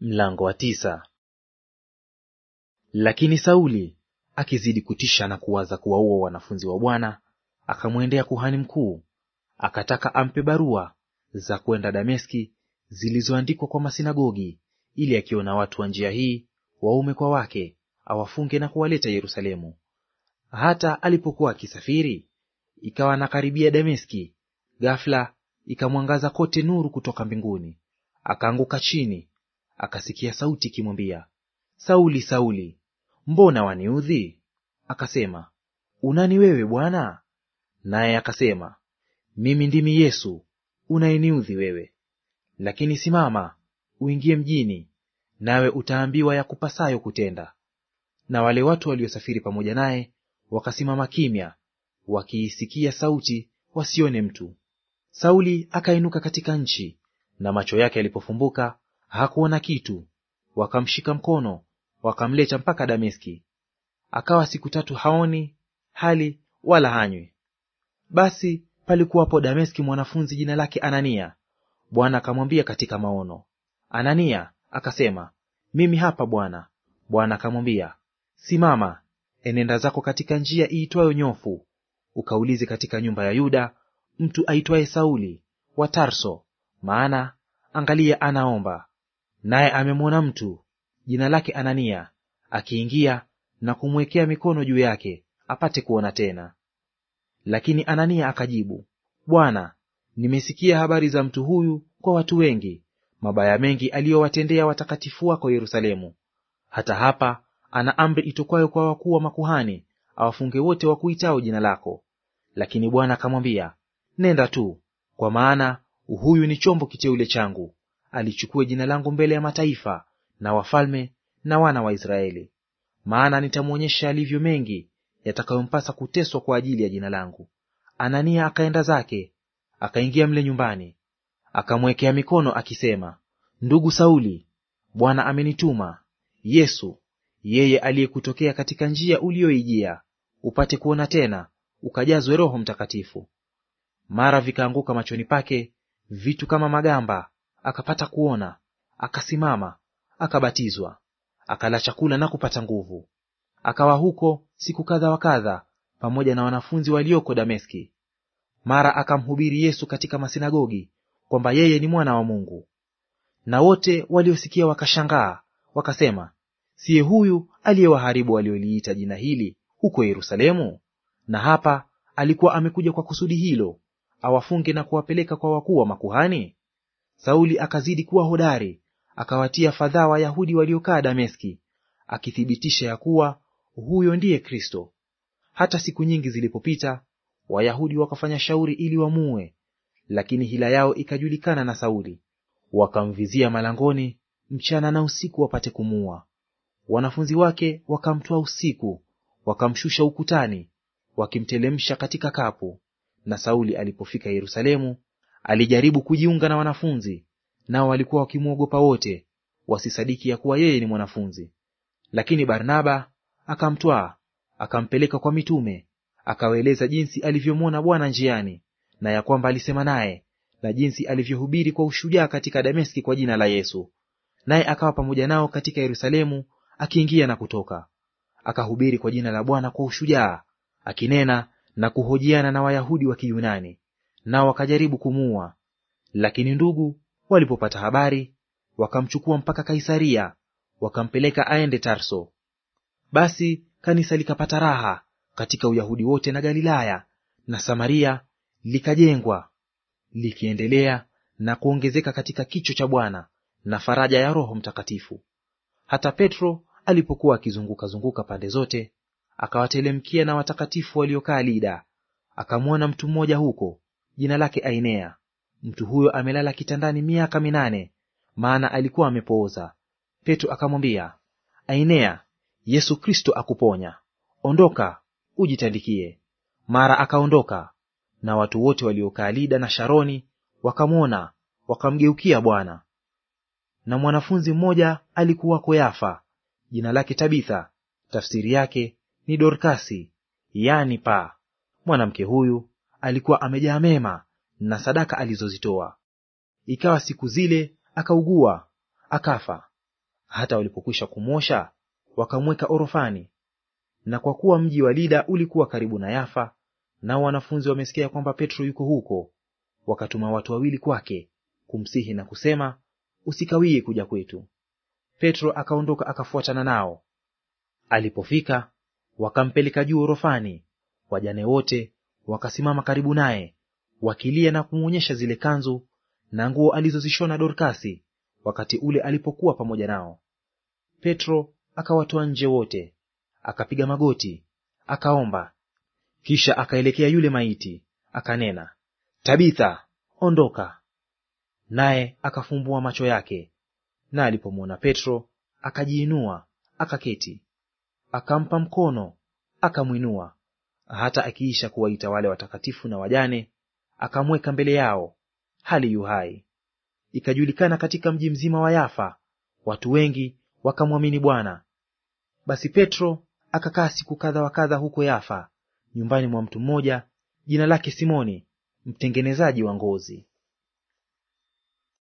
Mlango wa tisa. Lakini Sauli akizidi kutisha na kuwaza kuwaua wanafunzi wa Bwana, akamwendea kuhani mkuu, akataka ampe barua za kwenda Dameski zilizoandikwa kwa masinagogi, ili akiona watu wa njia hii, waume kwa wake, awafunge na kuwaleta Yerusalemu. Hata alipokuwa akisafiri, ikawa anakaribia Dameski, ghafla ikamwangaza kote nuru kutoka mbinguni, akaanguka chini akasikia sauti ikimwambia, Sauli, Sauli, mbona waniudhi? Akasema, unani wewe Bwana? Naye akasema, mimi ndimi Yesu unayeniudhi wewe. Lakini simama, uingie mjini, nawe utaambiwa ya kupasayo kutenda. Na wale watu waliosafiri pamoja naye wakasimama kimya, wakiisikia sauti, wasione mtu. Sauli akainuka katika nchi, na macho yake yalipofumbuka hakuona kitu. Wakamshika mkono, wakamleta mpaka Dameski. Akawa siku tatu haoni hali wala hanywi. Basi palikuwapo Dameski mwanafunzi jina lake Anania. Bwana akamwambia katika maono, Anania. Akasema, mimi hapa Bwana. Bwana akamwambia, simama, enenda zako katika njia iitwayo nyofu, ukaulize katika nyumba ya Yuda mtu aitwaye Sauli wa Tarso, maana angalia, anaomba naye amemwona mtu jina lake Anania akiingia na kumwekea mikono juu yake apate kuona tena. Lakini Anania akajibu, Bwana, nimesikia habari za mtu huyu kwa watu wengi, mabaya mengi aliyowatendea watakatifu wako Yerusalemu. Hata hapa ana amri itokwayo kwa wakuu wa makuhani awafunge wote wakuitao jina lako. Lakini Bwana akamwambia, nenda tu, kwa maana huyu ni chombo kiteule changu alichukue jina langu mbele ya mataifa na wafalme na wana wa Israeli, maana nitamwonyesha yalivyo mengi yatakayompasa kuteswa kwa ajili ya jina langu. Anania akaenda zake, akaingia mle nyumbani, akamwekea mikono akisema, ndugu Sauli, Bwana amenituma Yesu, yeye aliyekutokea katika njia uliyoijia, upate kuona tena, ukajazwe Roho Mtakatifu. Mara vikaanguka machoni pake vitu kama magamba akapata kuona, akasimama, akabatizwa, akala chakula na kupata nguvu. Akawa huko siku kadha wa kadha pamoja na wanafunzi walioko Dameski. Mara akamhubiri Yesu katika masinagogi kwamba yeye ni mwana wa Mungu. Na wote waliosikia wakashangaa, wakasema, siye huyu aliyewaharibu walioliita jina hili huko Yerusalemu? Na hapa alikuwa amekuja kwa kusudi hilo, awafunge na kuwapeleka kwa wakuu wa makuhani? Sauli akazidi kuwa hodari, akawatia fadhaa Wayahudi waliokaa Dameski, akithibitisha ya kuwa huyo ndiye Kristo. Hata siku nyingi zilipopita, Wayahudi wakafanya shauri ili wamuue, lakini hila yao ikajulikana na Sauli. Wakamvizia malangoni mchana na usiku wapate kumuua. Wanafunzi wake wakamtoa usiku, wakamshusha ukutani, wakimtelemsha katika kapu. Na Sauli alipofika Yerusalemu, Alijaribu kujiunga na wanafunzi, nao walikuwa wakimwogopa wote, wasisadiki ya kuwa yeye ni mwanafunzi. Lakini Barnaba akamtwaa, akampeleka kwa mitume, akawaeleza jinsi alivyomwona Bwana njiani, na ya kwamba alisema naye, na jinsi alivyohubiri kwa ushujaa katika Dameski kwa jina la Yesu. Naye akawa pamoja nao katika Yerusalemu, akiingia na kutoka. Akahubiri kwa jina la Bwana kwa ushujaa, akinena na kuhojiana na Wayahudi wa Kiyunani nao wakajaribu kumuua. Lakini ndugu walipopata habari, wakamchukua mpaka Kaisaria, wakampeleka aende Tarso. Basi kanisa likapata raha katika Uyahudi wote na Galilaya na Samaria, likajengwa likiendelea na kuongezeka katika kicho cha Bwana na faraja ya Roho Mtakatifu. Hata Petro alipokuwa akizunguka-zunguka pande zote, akawatelemkia na watakatifu waliokaa Lida, akamwona mtu mmoja huko jina lake Ainea. Mtu huyo amelala kitandani miaka minane, maana alikuwa amepooza. Petro akamwambia, Ainea, Yesu Kristo akuponya. Ondoka ujitandikie. Mara akaondoka, na watu wote waliokaa Lida na Sharoni wakamwona, wakamgeukia Bwana. Na mwanafunzi mmoja alikuwa koyafa jina lake Tabitha, tafsiri yake ni Dorkasi, yaani pa. Mwanamke huyu alikuwa amejaa mema na sadaka alizozitoa. Ikawa siku zile akaugua akafa. Hata walipokwisha kumwosha, wakamweka orofani. Na kwa kuwa mji wa Lida ulikuwa karibu na Yafa, nao wanafunzi wamesikia kwamba Petro yuko huko, wakatuma watu wawili kwake kumsihi na kusema, usikawie kuja kwetu. Petro akaondoka akafuatana nao. Alipofika wakampeleka juu orofani, wajane wote wakasimama karibu naye wakilia na kumwonyesha zile kanzu na nguo alizozishona Dorkasi wakati ule alipokuwa pamoja nao. Petro akawatoa nje wote, akapiga magoti, akaomba. Kisha akaelekea yule maiti, akanena, Tabitha, ondoka. Naye akafumbua macho yake, na alipomwona Petro akajiinua, akaketi. Akampa mkono, akamwinua, hata akiisha kuwaita wale watakatifu na wajane, akamweka mbele yao hali yu hai. Ikajulikana katika mji mzima wa Yafa, watu wengi wakamwamini Bwana. Basi Petro akakaa siku kadha wa kadha huko Yafa, nyumbani mwa mtu mmoja jina lake Simoni, mtengenezaji wa ngozi.